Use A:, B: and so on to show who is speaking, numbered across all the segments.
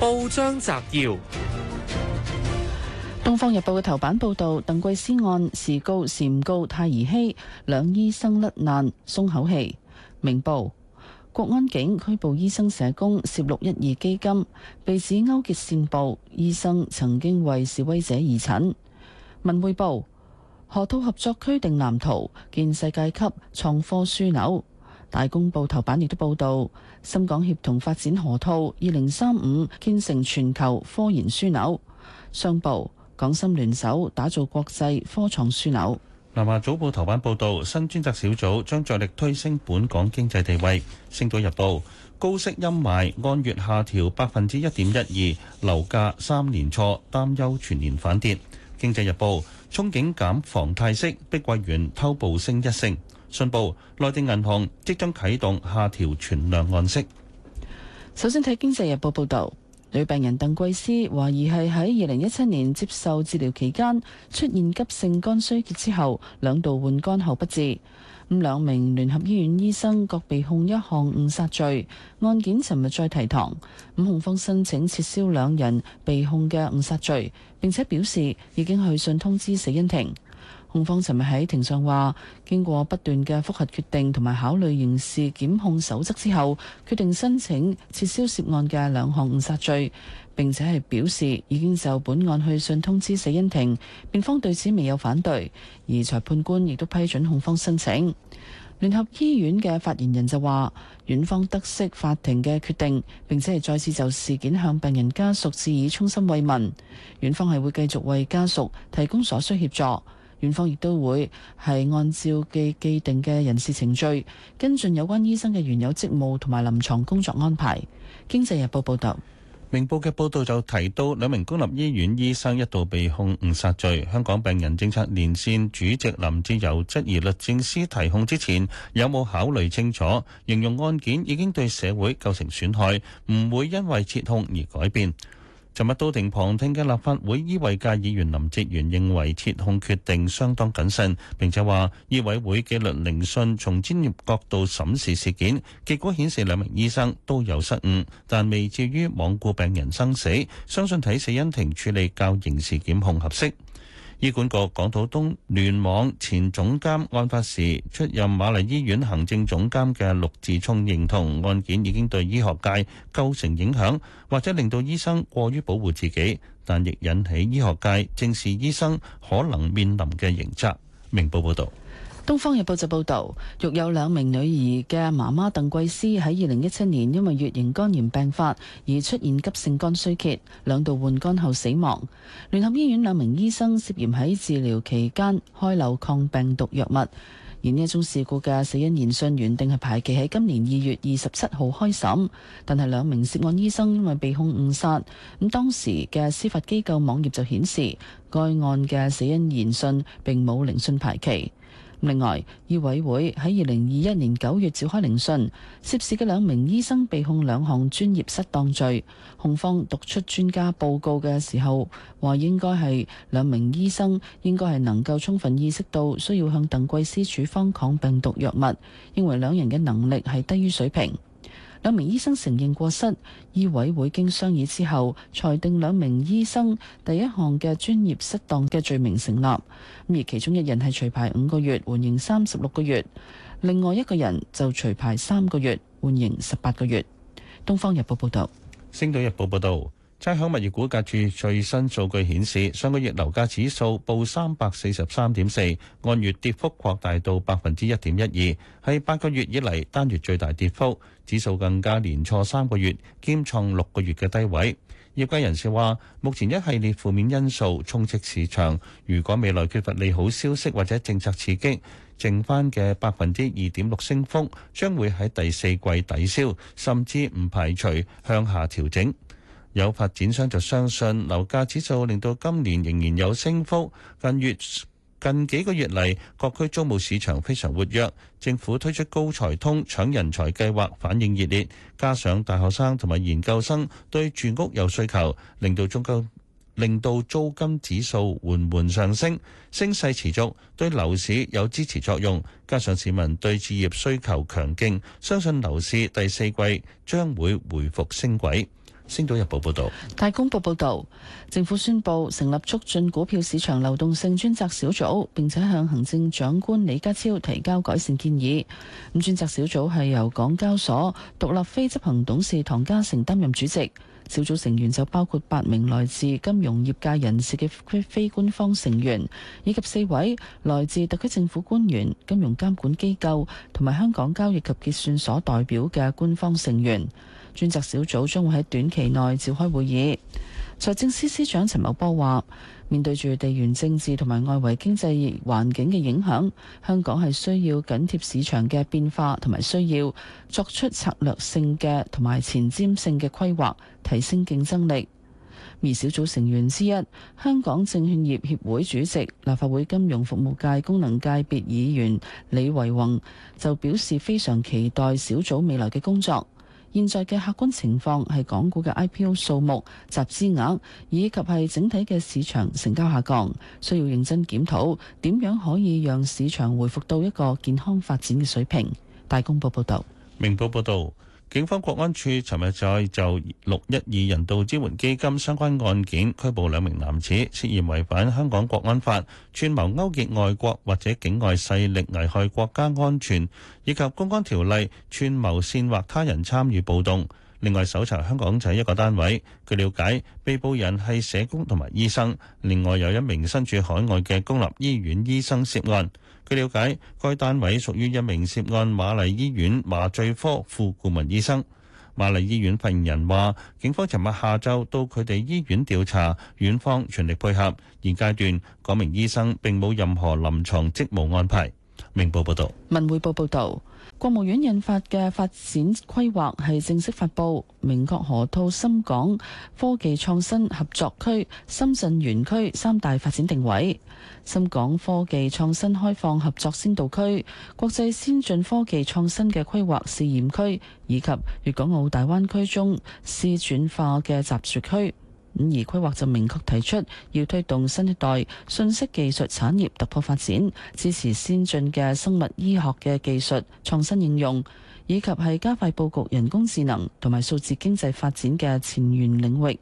A: 報章摘要：
B: 《東方日報》嘅頭版報道鄧桂思案，時告時唔告太兒戲，兩醫生甩難鬆口氣。《明報》國安警拘捕醫生社工，涉六一二基金，被指勾結線報。醫生曾經為示威者義診。《文匯報》河套合作區定藍圖，建世界級創科樞紐。大公報頭版亦都報導，深港協同發展河套，二零三五建成全球科研樞紐。商報，港深聯手打造國際科創樞紐。
A: 南華早報頭版報導，新專責小組將着力推升本港經濟地位。星島日報，高息陰霾按月下調百分之一點一二，樓價三年挫，擔憂全年反跌。經濟日報，憧憬減房貸息，碧桂園偷步升一成。信報：內地銀行即將啟動下調存量按息。
B: 首先睇經濟日報報導，女病人鄧桂思懷疑係喺二零一七年接受治療期間出現急性肝衰竭之後，兩度換肝後不治。咁兩名聯合醫院醫生各被控一項誤殺罪，案件尋日再提堂。控方申請撤銷兩人被控嘅誤殺罪，並且表示已經去信通知死因庭。控方尋日喺庭上話，經過不斷嘅復核決定同埋考慮刑事檢控守則之後，決定申請撤銷涉案嘅兩項誤殺罪，並且係表示已經就本案去信通知死因庭。辯方對此未有反對，而裁判官亦都批准控方申請。聯合醫院嘅發言人就話，院方得悉法庭嘅決定，並且係再次就事件向病人家屬致以衷心慰問。院方係會繼續為家屬提供所需協助。院方亦都會係按照既既定嘅人事程序，跟進有關醫生嘅原有職務同埋臨床工作安排。經濟日報報道：
A: 「明報嘅報導就提到兩名公立醫院醫生一度被控誤殺罪。香港病人政策連線主席林志友質疑律政司提控之前有冇考慮清楚，形容案件已經對社會構成損害，唔會因為撤控而改變。尋日到庭旁聽嘅立法會醫衛界議員林哲元認為撤控決定相當謹慎，並且話醫委會嘅紀律聆訊從專業角度審視事件，結果顯示兩名醫生都有失誤，但未至於罔顧病人生死，相信睇死因庭處理較刑事檢控合適。醫管局港島東聯網前總監，案發時出任瑪麗醫院行政總監嘅陸志聰認同案件已經對醫學界構成影響，或者令到醫生過於保護自己，但亦引起醫學界正視醫生可能面臨嘅刑責。明報報道。
B: 《東方日報》就報導，育有兩名女兒嘅媽媽鄧桂思喺二零一七年因為乙型肝炎病發而出現急性肝衰竭，兩度換肝後死亡。聯合醫院兩名醫生涉嫌喺治療期間開漏抗病毒藥物，而呢一宗事故嘅死因研訊原定係排期喺今年二月二十七號開審，但係兩名涉案醫生因為被控誤殺咁，當時嘅司法機構網頁就顯示該案嘅死因研訊並冇聆訊排期。另外，醫委會喺二零二一年九月召開聆訊，涉事嘅兩名醫生被控兩項專業失當罪。控方讀出專家報告嘅時候，話應該係兩名醫生應該係能夠充分意識到需要向鄧桂斯處方抗病毒藥物，認為兩人嘅能力係低於水平。兩名醫生承認過失，醫委會經商議之後裁定兩名醫生第一項嘅專業失當嘅罪名成立，而其中一人係除牌五個月，緩刑三十六個月；另外一個人就除牌三個月，緩刑十八個月。《東方日報》報道。
A: 《星島日報》報導。差餉物業估價署最新數據顯示，上個月樓價指數報三百四十三點四，按月跌幅擴大到百分之一點一二，係八個月以嚟單月最大跌幅，指數更加連挫三個月，兼創六個月嘅低位。業界人士話目前一系列負面因素充斥市場，如果未來缺乏利好消息或者政策刺激，剩翻嘅百分之二點六升幅將會喺第四季抵消，甚至唔排除向下調整。有發展商就相信樓價指數令到今年仍然有升幅。近月近幾個月嚟，各區租務市場非常活躍。政府推出高才通搶人才計劃，反應熱烈。加上大學生同埋研究生對住屋有需求，令到租金令到租金指數緩緩上升，升勢持續，對樓市有支持作用。加上市民對置業需求強勁，相信樓市第四季將會回復升軌。《星島日報》報道，
B: 《大公報》報道，政府宣布成立促進股票市場流動性專責小組，並且向行政長官李家超提交改善建議。咁專責小組係由港交所獨立非執行董事唐家成擔任主席，小組成員就包括八名來自金融業界人士嘅非非官方成員，以及四位來自特區政府官員、金融監管機構同埋香港交易及結算所代表嘅官方成員。專責小組將會喺短期內召開會議。財政司司長陳茂波話，面對住地緣政治同埋外圍經濟環境嘅影響，香港係需要緊貼市場嘅變化，同埋需要作出策略性嘅同埋前瞻性嘅規劃，提升競爭力。而小組成員之一，香港證券業協會主席、立法會金融服務界功能界別議員李維宏就表示，非常期待小組未來嘅工作。現在嘅客觀情況係港股嘅 IPO 數目、集資額以及係整體嘅市場成交下降，需要認真檢討點樣可以讓市場回復到一個健康發展嘅水平。大公報報道。
A: 明報報道。警方國安處尋日再就六一二人道支援基金相關案件拘捕兩名男子，涉嫌違反香港國安法，串謀勾結外國或者境外勢力危害國家安全，以及公安條例串謀煽惑他人參與暴動。另外，搜查香港仔一個單位。據了解，被捕人係社工同埋醫生，另外有一名身處海外嘅公立醫院醫生涉案。據了解，該單位屬於一名涉案瑪麗醫院麻醉科副顧問醫生。瑪麗醫院發言人話，警方尋日下晝到佢哋醫院調查，院方全力配合。現階段，嗰名醫生並冇任何臨牀職務安排。明報報道，
B: 文匯報報道。國務院印發嘅發展規劃係正式發布，明確河套深港科技創新合作區、深圳園區三大發展定位，深港科技創新開放合作先導區、國際先進科技創新嘅規劃試驗區，以及粵港澳大灣區中試轉化嘅集聚區。《五二規劃》就明確提出要推動新一代信息技術產業突破發展，支持先進嘅生物醫學嘅技術創新應用，以及係加快布局人工智能同埋數字經濟發展嘅前沿領域。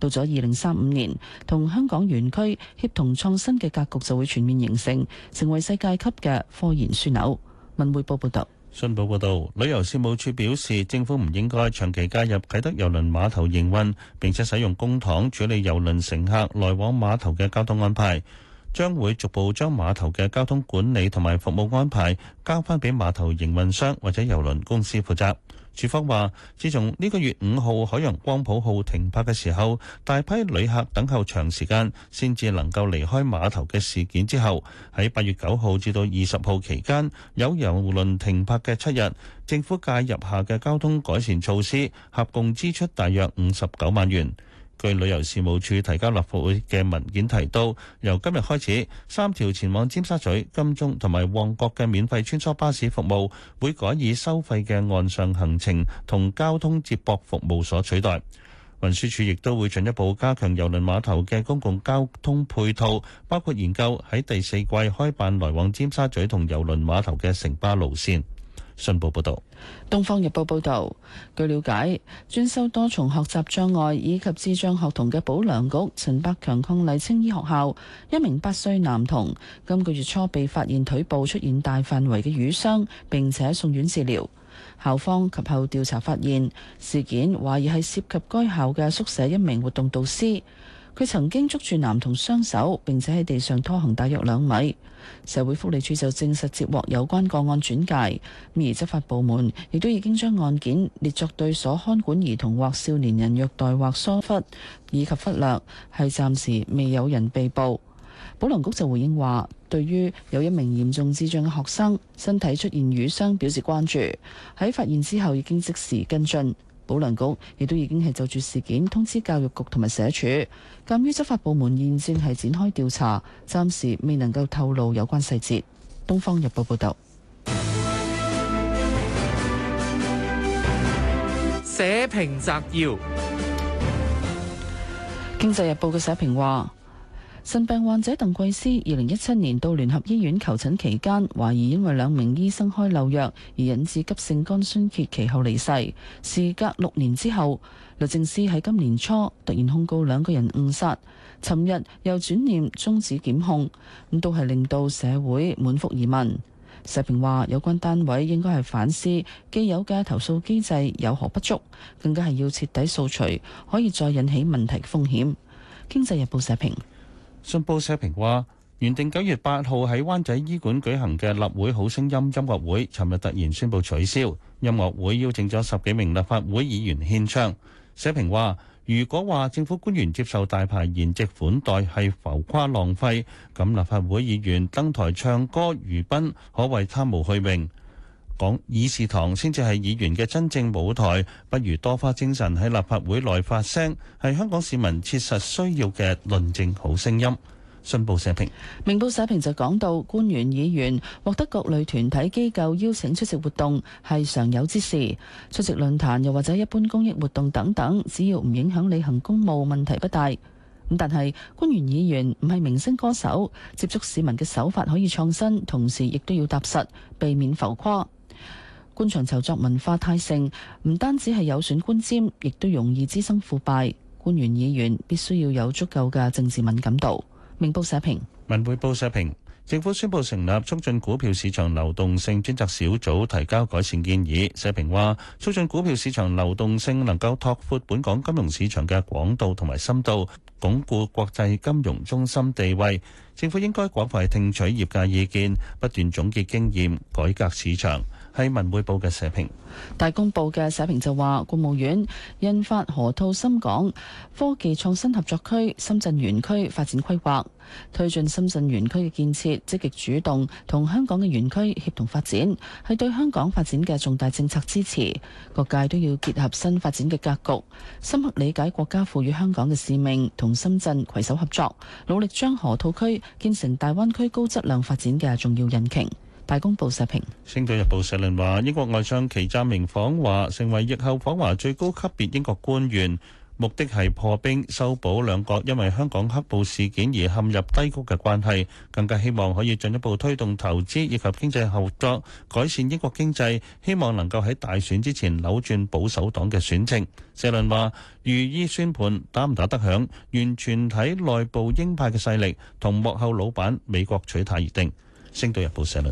B: 到咗二零三五年，同香港園區協同創新嘅格局就會全面形成，成為世界級嘅科研樞紐。文匯報報道。
A: 信報報導，旅遊事務處表示，政府唔應該長期加入啟德郵輪碼頭營運，並且使用公帑處理郵輪乘客來往碼頭嘅交通安排，將會逐步將碼頭嘅交通管理同埋服務安排交翻俾碼頭營運商或者郵輪公司負責。署方話：自從呢個月五號海洋光譜號停泊嘅時候，大批旅客等候長時間先至能夠離開碼頭嘅事件之後，喺八月九號至到二十號期間有遊輪停泊嘅七日，政府介入下嘅交通改善措施合共支出大約五十九萬元。據旅遊事務署提交立法會嘅文件提到，由今日開始，三條前往尖沙咀、金鐘同埋旺角嘅免費穿梭巴士服務會改以收費嘅岸上行程同交通接駁服務所取代。運輸署亦都會進一步加強郵輪碼頭嘅公共交通配套，包括研究喺第四季開辦來往尖沙咀同郵輪碼頭嘅城巴路線。信報報導，
B: 《東方日報》報導，據了解，專收多重學習障礙以及智障學童嘅保良局陳百強伉儷青衣學校一名八歲男童今個月初被發現腿部出現大範圍嘅瘀傷，並且送院治療。校方及後調查發現，事件懷疑係涉及該校嘅宿舍一名活動導師。佢曾經捉住男童雙手，並且喺地上拖行大約兩米。社會福利署就證實接獲有關個案轉介，而執法部門亦都已經將案件列作對所看管兒童或少年人虐待或疏忽以及忽略，係暫時未有人被捕。保良局就回應話，對於有一名嚴重智障嘅學生身體出現瘀傷表示關注，喺發現之後已經即時跟進。保良局亦都已經係就住事件通知教育局同埋社署，鑒於執法部門現正係展開調查，暫時未能夠透露有關細節。東方日報報道，社
A: 評摘要，
B: 《經濟日報》嘅社評話。腎病患者鄧桂思，二零一七年到聯合醫院求診期間，懷疑因為兩名醫生開漏藥而引致急性肝衰竭，其後離世。事隔六年之後，律政司喺今年初突然控告兩個人誤殺，尋日又轉念終止檢控，咁都係令到社會滿腹疑問。社評話，有關單位應該係反思既有嘅投訴機制有何不足，更加係要徹底掃除可以再引起問題風險。經濟日報社評。信報社評
A: 話，原定九月八號喺灣仔伊館舉行嘅立會好聲音音樂會，尋日突然宣布取消。音樂會邀請咗十幾名立法會議員獻唱。社評話，如果話政府官員接受大排筵席款待係浮誇浪費，咁立法會議員登台唱歌娛賓，可謂貪慕虛榮。講議事堂先至係議員嘅真正舞台，不如多花精神喺立法會內發聲，係香港市民切實需要嘅論證好聲音。信報社評，
B: 明報社評就講到，官員議員獲得各類團體機構邀請出席活動係常有之事，出席論壇又或者一般公益活動等等，只要唔影響履行公務，問題不大。咁但係官員議員唔係明星歌手，接觸市民嘅手法可以創新，同時亦都要踏實，避免浮誇。官場籌作文化太盛，唔單止係有損官箴，亦都容易滋生腐敗。官員議員必須要有足夠嘅政治敏感度。明報社評，
A: 文匯報社評，政府宣布成立促進股票市場流動性專責小組，提交改善建議。社評話，促進股票市場流動性能夠拓闊本港金融市場嘅廣度同埋深度，鞏固國際金融中心地位。政府應該廣泛聽取業界意見，不斷總結經驗，改革市場。喺文匯報嘅社評，
B: 大公報嘅社評就話，國務院印發《河套深港科技創新合作區深圳園區發展規劃》，推進深圳園區嘅建設，積極主動同香港嘅園區協同發展，係對香港發展嘅重大政策支持。各界都要結合新發展嘅格局，深刻理解國家賦予香港嘅使命，同深圳攜手合作，努力將河套區建成大灣區高質量發展嘅重要引擎。大公報社評，
A: 《星島日報》社論話：英國外相祈湛明訪華，成為疫後訪華最高級別英國官員，目的係破冰、修補兩國因為香港黑暴事件而陷入低谷嘅關係，更加希望可以進一步推動投資以及經濟合作，改善英國經濟。希望能夠喺大選之前扭轉保守黨嘅選情。社論話：如意算盤打唔打得響，完全睇內部鷹派嘅勢力同幕後老闆美國取態而定。《星島日報》社論。